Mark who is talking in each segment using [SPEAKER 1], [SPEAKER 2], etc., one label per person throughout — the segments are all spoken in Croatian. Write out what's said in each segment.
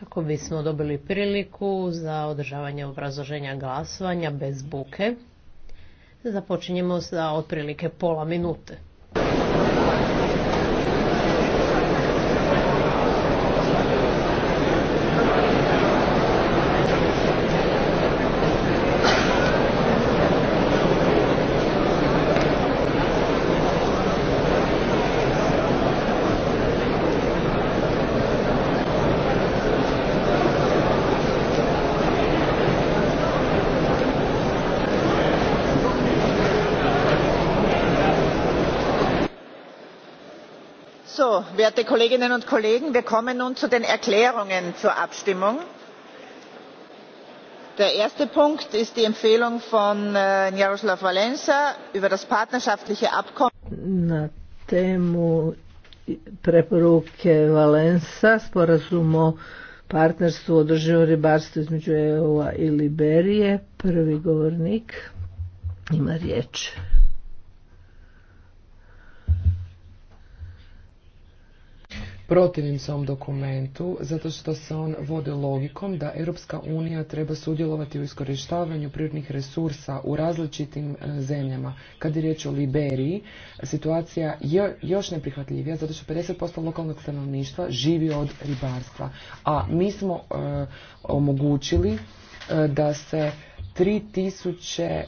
[SPEAKER 1] kako bismo dobili priliku za održavanje obrazoženja glasovanja bez buke. Započinjemo za otprilike pola minute.
[SPEAKER 2] werte kolleginnen und kollegen! wir kommen nun zu den erklärungen zur abstimmung. der erste punkt ist die empfehlung von äh, jarosaw wasa über das partnerschaftliche abkommen na temu preporuke valensa sporazum o partnerstvu održivom ribarstvu između eu a i liberije
[SPEAKER 3] prvi govornik
[SPEAKER 1] ima riječ.
[SPEAKER 3] protivim se ovom dokumentu zato što se on vodi logikom da Europska unija treba sudjelovati u iskorištavanju prirodnih resursa u različitim e, zemljama. Kad je riječ o Liberiji, situacija je još neprihvatljivija zato što 50% lokalnog stanovništva živi od ribarstva, a mi smo e, omogućili e, da se 3000 e,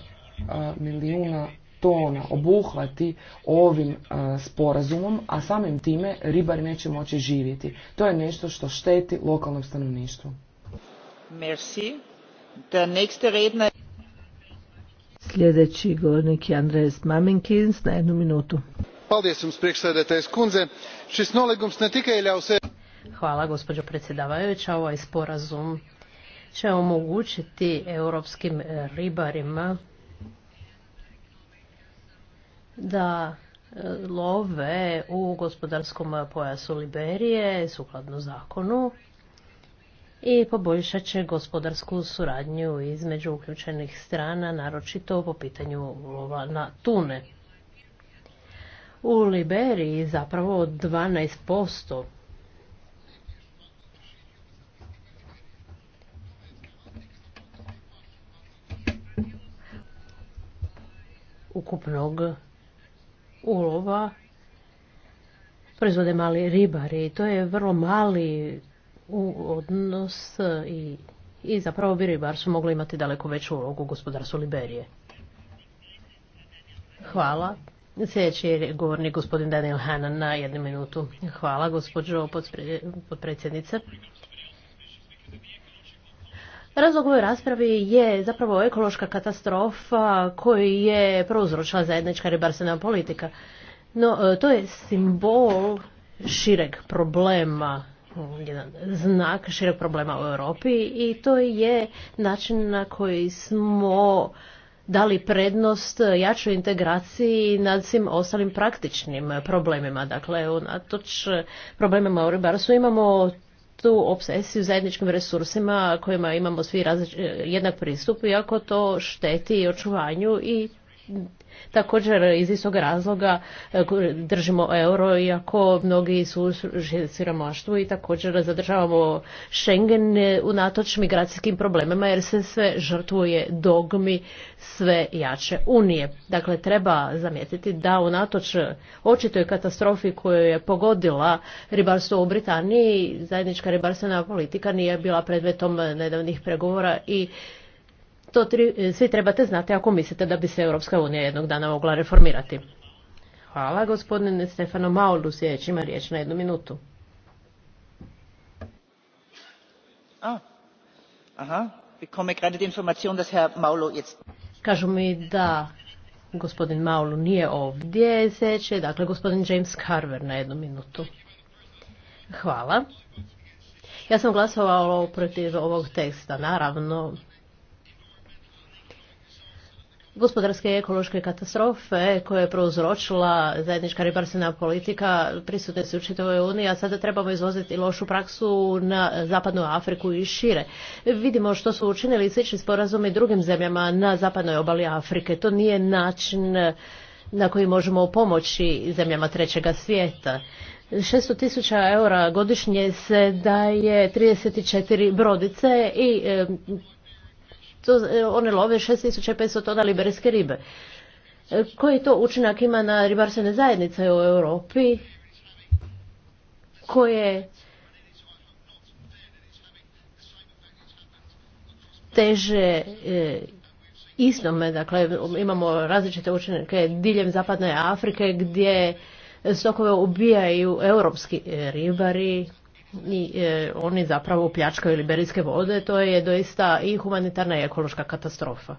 [SPEAKER 3] milijuna tona obuhvati ovim e, sporazumom, a samim time ribari neće moći živjeti. To je nešto što šteti lokalnom stanovništvu.
[SPEAKER 2] Merci. Der nächste redner... Sljedeći govornik je Andres Maminkins na jednu minutu.
[SPEAKER 1] E- Hvala gospođo predsjedavajuća. Ovaj sporazum će omogućiti europskim ribarima da e, love u gospodarskom pojasu Liberije sukladno zakonu i poboljšat će gospodarsku suradnju između uključenih strana, naročito po pitanju lova na tune. U Liberiji zapravo 12% ukupnog ulova proizvode mali ribari. To je vrlo mali odnos i, i zapravo bi su mogli imati daleko veću ulogu u gospodarstvu Liberije. Hvala. Sljedeći je govornik gospodin Daniel Hanan na jednu minutu. Hvala gospođo potpredsjednice. Razlog ovoj raspravi je zapravo ekološka katastrofa koji je prouzročila zajednička ribarstvena politika. No, e, to je simbol šireg problema, jedan znak šireg problema u Europi i to je način na koji smo dali prednost jačoj integraciji nad svim ostalim praktičnim problemima. Dakle, unatoč problemima u ribarstvu imamo tu obsesiju zajedničkim resursima kojima imamo svi eh, jednak pristup, iako to šteti i očuvanju i Također iz istog razloga e, držimo euro iako mnogi su siromaštvu i također zadržavamo Schengen e, unatoč migracijskim problemima jer se sve žrtvuje dogmi sve jače unije. Dakle, treba zamijetiti da unatoč očitoj katastrofi koju je pogodila ribarstvo u Britaniji, zajednička ribarstvena politika nije bila predmetom nedavnih pregovora i to tri, e, svi trebate znati ako mislite da bi se Europska unija jednog dana mogla reformirati. Hvala gospodine Stefano Maulu, sljedeći ima riječ na jednu minutu.
[SPEAKER 2] Ah, aha, bekomme gerade die Information,
[SPEAKER 1] jetzt... Kažu mi da gospodin Maulu nije ovdje, sljedeći dakle gospodin James Carver na jednu minutu. Hvala. Ja sam glasovala protiv ovog teksta, naravno, gospodarske i ekološke katastrofe koje je prouzročila zajednička ribarstvena politika prisutne su u čitavoj Uniji, a sada trebamo izvoziti lošu praksu na zapadnu Afriku i šire. Vidimo što su učinili slični sporazumi drugim zemljama na zapadnoj obali Afrike. To nije način na koji možemo pomoći zemljama trećega svijeta. 600 tisuća eura godišnje se daje 34 brodice i to, e, one love 6500 tona liberijske ribe. E, koji to učinak ima na ribarstvene zajednice u Europi koje teže e, istome, dakle imamo različite učinke diljem zapadne Afrike gdje stokove ubijaju europski ribari, i e, oni zapravo pljačkaju liberijske vode, to je doista i humanitarna i ekološka katastrofa.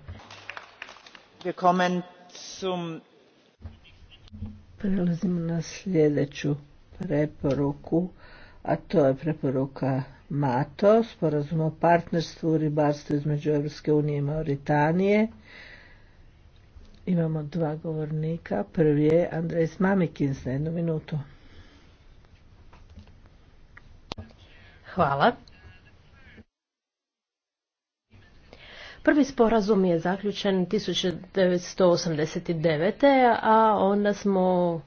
[SPEAKER 2] Prelazimo na sljedeću preporuku, a to je preporuka MATO, sporazum o partnerstvu u ribarstvu između Europske unije i Mauritanije. Imamo dva govornika. Prvi je Andrej Mamikins na jednu minutu.
[SPEAKER 1] Hvala. Prvi sporazum je zaključen 1989. a onda smo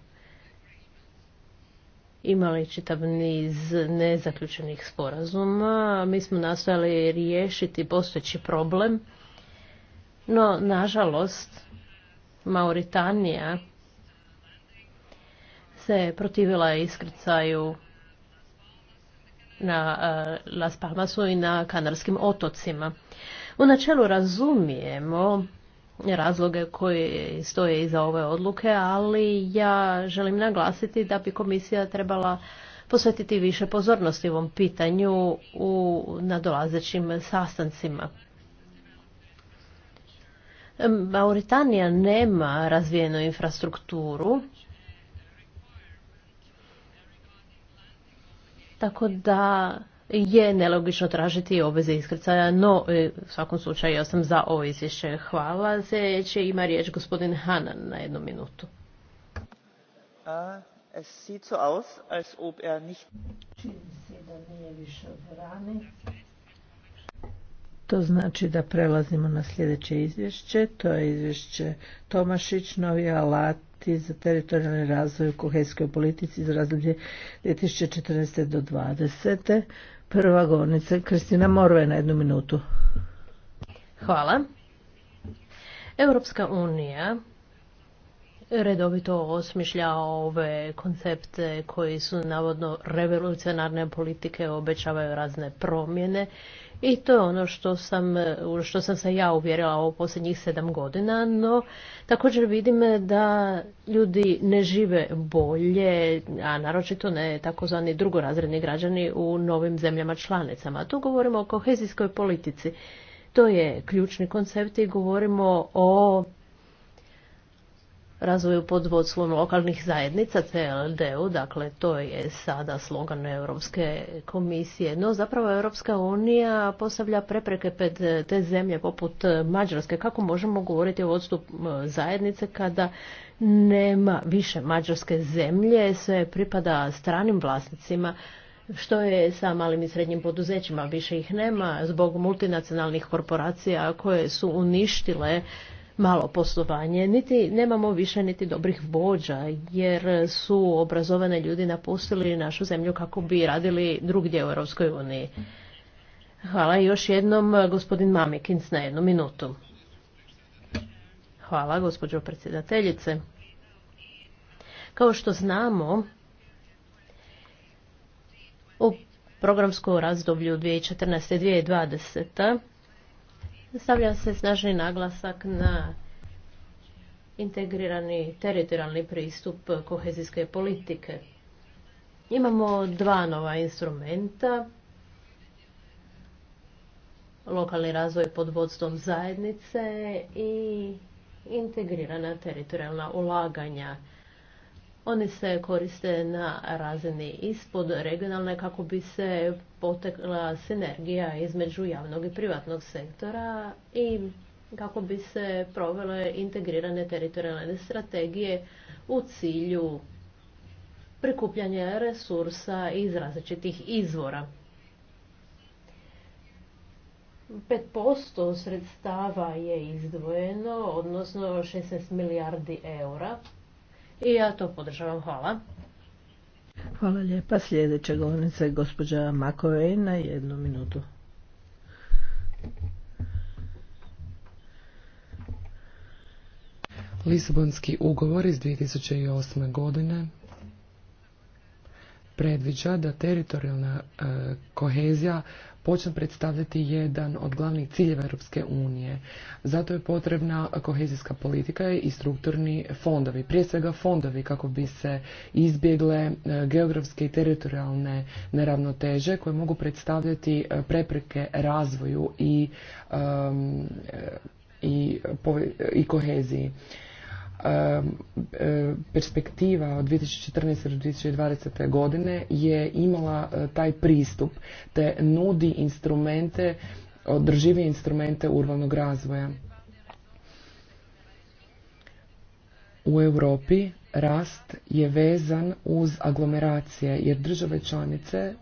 [SPEAKER 1] imali čitav niz nezaključenih sporazuma. Mi smo nastojali riješiti postojeći problem, no nažalost Mauritanija se protivila iskrcaju na e, Las Palmasu i na Kanarskim otocima. U načelu razumijemo razloge koje stoje iza ove odluke, ali ja želim naglasiti da bi komisija trebala posvetiti više pozornosti ovom pitanju u nadolazećim sastancima. Mauritanija nema razvijenu infrastrukturu Tako da je nelogično tražiti obveze iskrcaja, no e, u svakom slučaju ja sam za ovo izvješće. Hvala. Sljedeće ima riječ gospodin Hanan na jednu minutu.
[SPEAKER 2] es er To znači da prelazimo na sljedeće izvješće. To je izvješće Tomašić, novi alat za teritorijalni razvoj u kohezijskoj politici za razdoblje 2014. do 2020. Prva govornica Kristina Morve na jednu minutu.
[SPEAKER 1] Hvala. Europska unija redovito osmišlja ove koncepte koji su navodno revolucionarne politike, obećavaju razne promjene i to je ono što sam, što sam se ja uvjerila u posljednjih sedam godina, no također vidim da ljudi ne žive bolje, a naročito ne takozvani drugorazredni građani u novim zemljama članicama. Tu govorimo o kohezijskoj politici. To je ključni koncept i govorimo o razvoju pod vodstvom lokalnih zajednica, CLD-u, dakle to je sada slogan Europske komisije, no zapravo Europska unija postavlja prepreke pred te zemlje poput Mađarske. Kako možemo govoriti o odstup zajednice kada nema više mađarske zemlje, sve pripada stranim vlasnicima, što je sa malim i srednjim poduzećima, više ih nema zbog multinacionalnih korporacija koje su uništile malo poslovanje, niti nemamo više niti dobrih vođa, jer su obrazovane ljudi napustili našu zemlju kako bi radili drugdje u Europskoj uniji. Hvala još jednom gospodin Mamikins na jednu minutu. Hvala gospođo predsjedateljice. Kao što znamo, u programskom razdoblju 2014. i 2020. Stavlja se snažni naglasak na integrirani teritorijalni pristup kohezijske politike. Imamo dva nova instrumenta. Lokalni razvoj pod vodstvom zajednice i integrirana teritorijalna ulaganja. Oni se koriste na razini ispod regionalne kako bi se potekla sinergija između javnog i privatnog sektora i kako bi se provele integrirane teritorijalne strategije u cilju prikupljanja resursa iz različitih izvora. 5% sredstava je izdvojeno, odnosno 16 milijardi eura i ja to podržavam. Hvala.
[SPEAKER 2] Hvala lijepa. Sljedeća govornica je gospođa Makovej na jednu minutu.
[SPEAKER 3] Lisabonski ugovor iz 2008. godine predviđa da teritorijalna e, kohezija počne predstavljati jedan od glavnih ciljeva Europske unije. Zato je potrebna kohezijska politika i strukturni fondovi. Prije svega fondovi kako bi se izbjegle e, geografske i teritorijalne neravnoteže koje mogu predstavljati e, prepreke razvoju i koheziji. E, perspektiva od 2014. do 2020. godine je imala e, taj pristup te nudi instrumente, održivije instrumente urbanog razvoja. U Europi rast je vezan uz aglomeracije jer države članice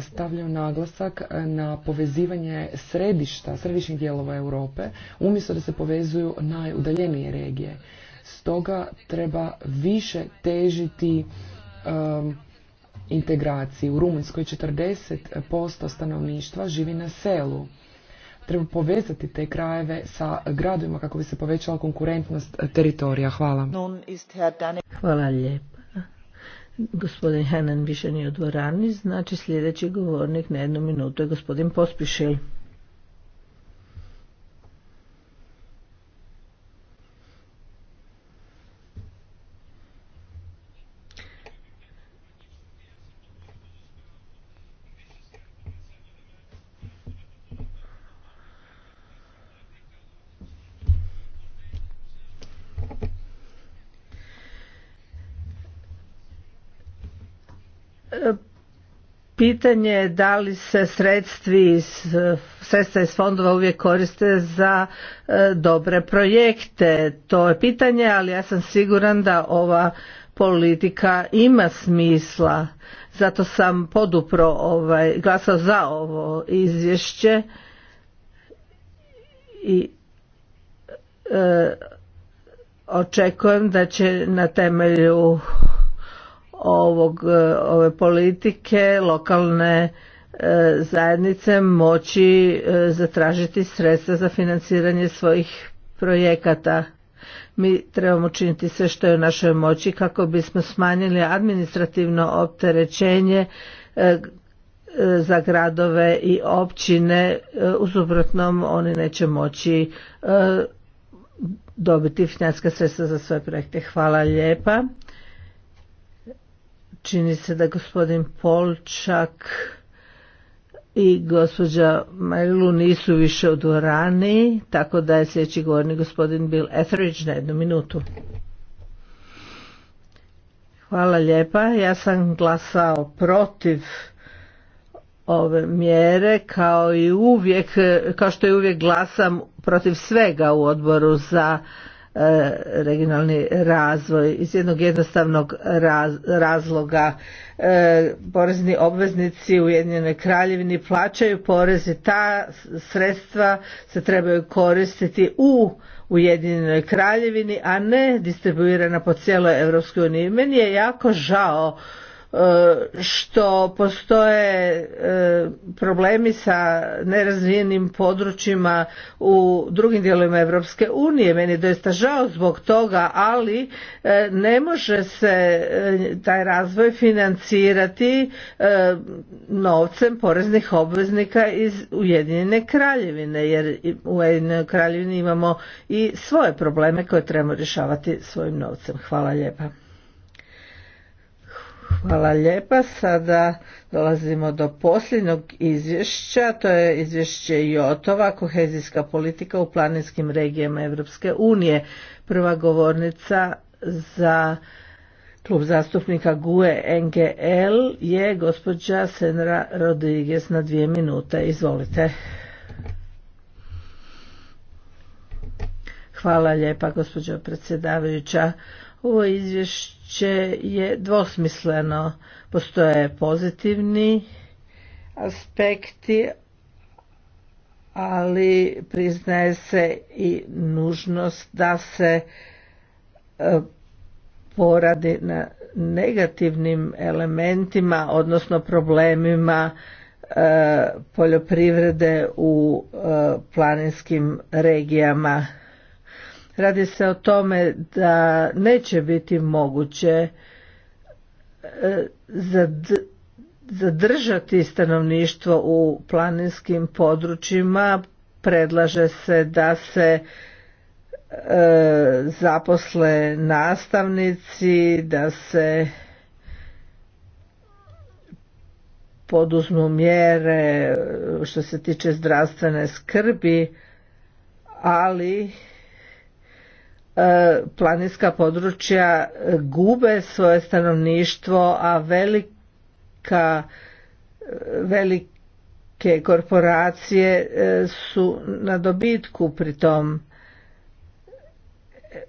[SPEAKER 3] stavljaju naglasak e, na povezivanje središta, središnjih dijelova Europe umjesto da se povezuju najudaljenije regije. Stoga treba više težiti um, integraciji. U Rumunjskoj 40% stanovništva živi na selu. Treba povezati te krajeve sa gradovima kako bi se povećala konkurentnost teritorija. Hvala. Hvala lijepa.
[SPEAKER 2] Gospodin Henan više nije u dvorani, znači sljedeći govornik na jednu minutu je gospodin Pospišil. Pitanje je da li se sredstvi iz, sredstva iz fondova uvijek koriste za e, dobre projekte. To je pitanje, ali ja sam siguran da ova politika ima smisla. Zato sam podupro ovaj, glasao za ovo izvješće i e, očekujem da će na temelju ovog, e, ove politike lokalne e, zajednice moći e, zatražiti sredstva za financiranje svojih projekata. Mi trebamo činiti sve što je u našoj moći kako bismo smanjili administrativno opterećenje za gradove i općine, u suprotnom oni neće moći dobiti financijska sredstva za svoje projekte. Hvala lijepa. Čini se da gospodin Polčak i gospođa Marilu nisu više u dvorani, tako da je sljedeći govornik gospodin Bill Etheridge na jednu minutu. Hvala lijepa. Ja sam glasao protiv ove mjere kao i uvijek, kao što i uvijek glasam protiv svega u odboru za E, regionalni razvoj iz jednog jednostavnog razloga e, porezni obveznici u Ujedinjenoj Kraljevini plaćaju porezi ta sredstva se trebaju koristiti u Ujedinjenoj Kraljevini a ne distribuirana po cijeloj Europskoj uniji meni je jako žao što postoje e, problemi sa nerazvijenim područjima u drugim dijelovima Europske unije. Meni je doista žao zbog toga, ali e, ne može se e, taj razvoj financirati novcem poreznih obveznika iz Ujedinjene kraljevine, jer u Ujedinjenoj kraljevini imamo i svoje probleme koje trebamo rješavati svojim novcem. Hvala lijepa. Hvala lijepa. Sada dolazimo do posljednog izvješća, to je izvješće Jotova, kohezijska politika u planinskim regijama Europske unije. Prva govornica za klub zastupnika GUE NGL je gospođa Senra Rodriguez na dvije minute. Izvolite. Hvala lijepa gospođo predsjedavajuća. Ovo izvješće je dvosmisleno. Postoje pozitivni aspekti, ali priznaje se i nužnost da se e, poradi na negativnim elementima, odnosno problemima e, poljoprivrede u e, planinskim regijama Radi se o tome da neće biti moguće e, zadržati stanovništvo u planinskim područjima. Predlaže se da se e, zaposle nastavnici, da se poduzmu mjere e, što se tiče zdravstvene skrbi, ali planinska područja gube svoje stanovništvo, a velika, velike korporacije e, su na dobitku pri tom. E,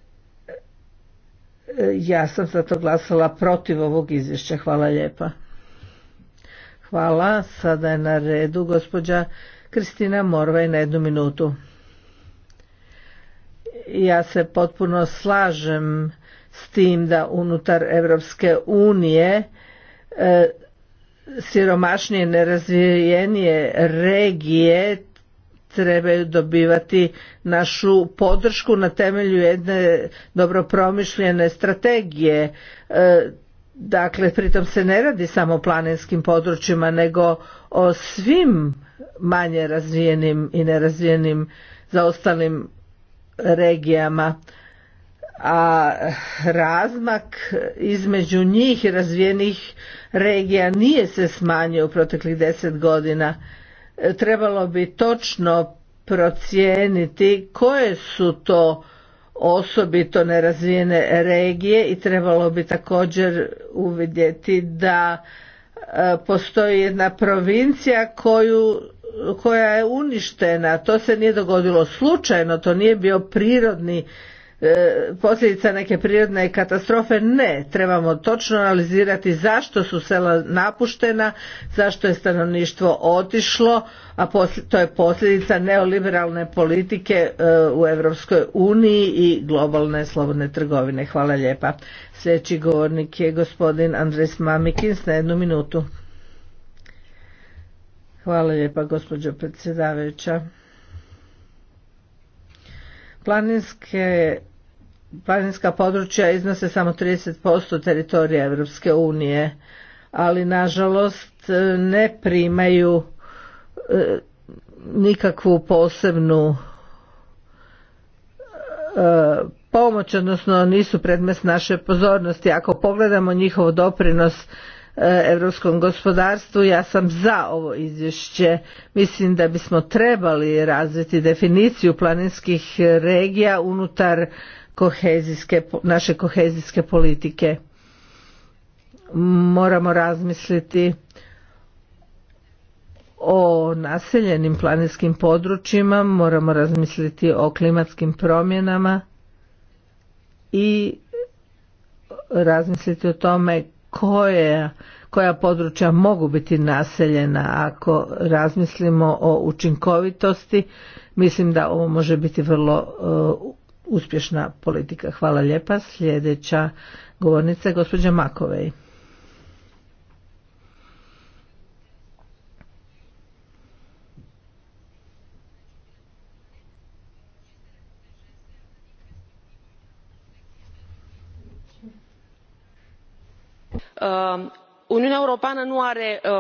[SPEAKER 2] ja sam zato glasala protiv ovog izvješća. Hvala lijepa. Hvala. Sada je na redu gospođa Kristina Morvaj na jednu minutu ja se potpuno slažem s tim da unutar Europske unije e, siromašnije i nerazvijenije regije trebaju dobivati našu podršku na temelju jedne dobro promišljene strategije. E, dakle, pritom se ne radi samo o planinskim područjima, nego o svim manje razvijenim i nerazvijenim zaostalim regijama a razmak između njih i razvijenih regija nije se smanjio u proteklih deset godina. E, trebalo bi točno procijeniti koje su to osobito nerazvijene regije i trebalo bi također uvidjeti da e, postoji jedna provincija koju koja je uništena to se nije dogodilo slučajno to nije bio prirodni e, posljedica neke prirodne katastrofe ne trebamo točno analizirati zašto su sela napuštena zašto je stanovništvo otišlo a to je posljedica neoliberalne politike e, u Europskoj uniji i globalne slobodne trgovine hvala lijepa sljedeći govornik je gospodin Andres Mamikins na jednu minutu Hvala lijepa gospođo predsjedavajuća. Planinske planinska područja iznose samo 30% teritorija Europske unije, ali nažalost ne primaju e, nikakvu posebnu e, pomoć, odnosno nisu predmet naše pozornosti. Ako pogledamo njihov doprinos europskom gospodarstvu. Ja sam za ovo izvješće. Mislim da bismo trebali razviti definiciju planinskih regija unutar kohezijske, naše kohezijske politike. Moramo razmisliti o naseljenim planinskim područjima, moramo razmisliti o klimatskim promjenama i razmisliti o tome koje, koja područja mogu biti naseljena ako razmislimo o učinkovitosti mislim da ovo može biti vrlo e, uspješna politika hvala lijepa sljedeća govornica je gospođa Makovej Um, uniunea europeană nu are uh,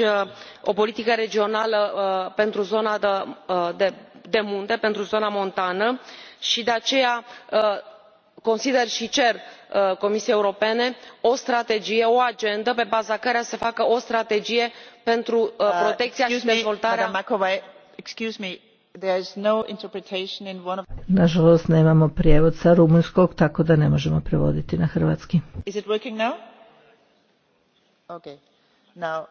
[SPEAKER 2] uh, o politică regională uh, pentru zona de, munte pentru zona montană și de aceea consider și cer comisiei europene o strategie o agendă pe baza căreia să facă o strategie pentru protecția și dezvoltarea nažalost nemamo prijevod tako da ne možemo prevoditi na hrvatski. Okay. Now,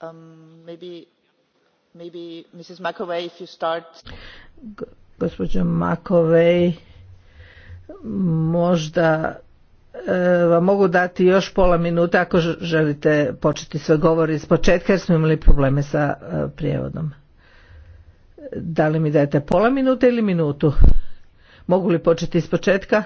[SPEAKER 2] um, maybe, Mrs. if you start. Gospođo Makovej, možda e, vam mogu dati još pola minute ako želite početi svoj govor ispočetka jer smo imali probleme sa e, prijevodom. Da li mi dajete pola minute ili minutu?
[SPEAKER 3] Mogu li početi iz početka?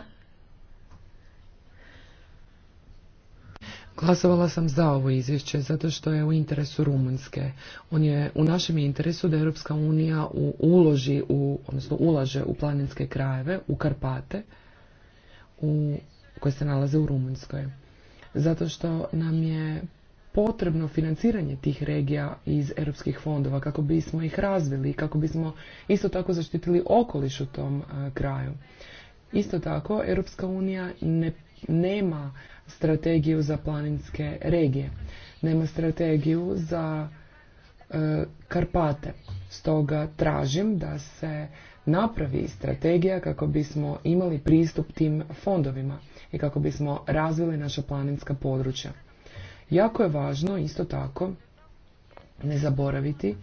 [SPEAKER 3] Glasovala sam za ovo izvješće zato što je u interesu Rumunjske. On je u našem interesu da Europska unija uloži, u, odnosno ulaže u planinske krajeve, u Karpate, u, koje se nalaze u Rumunjskoj. Zato što nam je potrebno financiranje tih regija iz europskih fondova kako bismo ih razvili, kako bismo isto tako zaštitili okoliš u tom kraju. Isto tako, Europska unija ne, nema strategiju za planinske regije, nema strategiju za e, Karpate. Stoga tražim da se napravi strategija kako bismo imali pristup tim fondovima i kako bismo razvili naša planinska područja. Jako je važno isto tako ne zaboraviti e,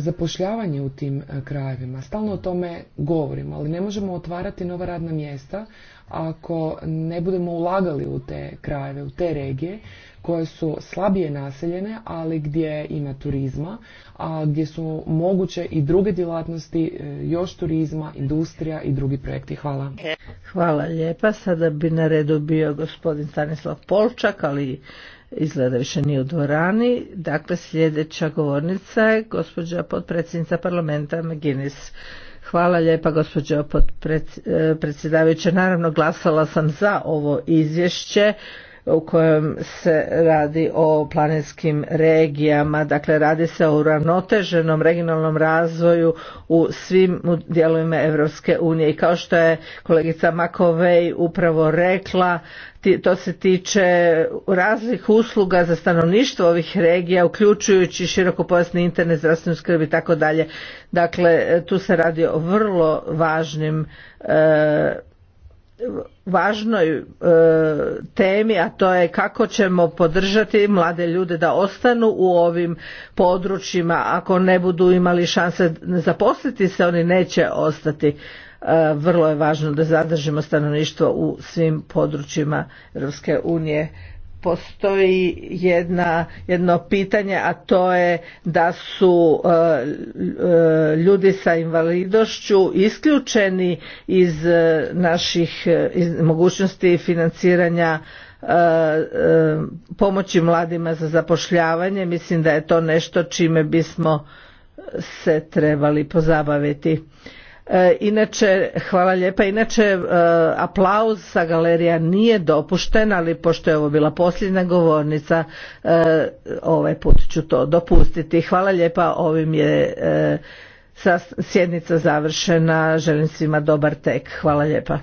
[SPEAKER 3] zapošljavanje u tim e, krajevima. Stalno o tome govorimo, ali ne možemo otvarati nova radna mjesta ako ne budemo ulagali u te krajeve, u te regije koje su slabije naseljene, ali gdje ima turizma, a gdje su moguće i druge djelatnosti, e, još turizma, industrija i drugi projekti. Hvala. Hvala lijepa. Sada bi na redu bio gospodin Stanislav
[SPEAKER 2] Polčak, ali izgleda više nije u dvorani. Dakle, sljedeća govornica je gospođa potpredsjednica parlamenta McGuinness. Hvala lijepa gospođo eh, predsjedavajuća. Naravno glasala sam za ovo izvješće u kojem se radi o planinskim regijama, dakle radi se o uravnoteženom regionalnom razvoju u svim dijelovima Europske unije i kao što je kolegica Makovej upravo rekla, to se tiče raznih usluga za stanovništvo ovih regija, uključujući širokopojasni internet, zdravstvenu skrb i tako dalje. Dakle, tu se radi o vrlo važnim e, važnoj e, temi a to je kako ćemo podržati mlade ljude da ostanu u ovim područjima ako ne budu imali šanse zaposliti se oni neće ostati e, vrlo je važno da zadržimo stanovništvo u svim područjima Europske unije postoji jedna, jedno pitanje, a to je da su e, e, ljudi sa invalidošću isključeni iz e, naših mogućnosti financiranja pomoći mladima za zapošljavanje. Mislim da je to nešto čime bismo se trebali pozabaviti. E, inače, hvala lijepa. Inače, e, aplauz sa galerija nije dopušten, ali pošto je ovo bila posljednja govornica, e, ovaj put ću to dopustiti. Hvala lijepa, ovim je sjednica završena. Želim svima dobar tek. Hvala lijepa.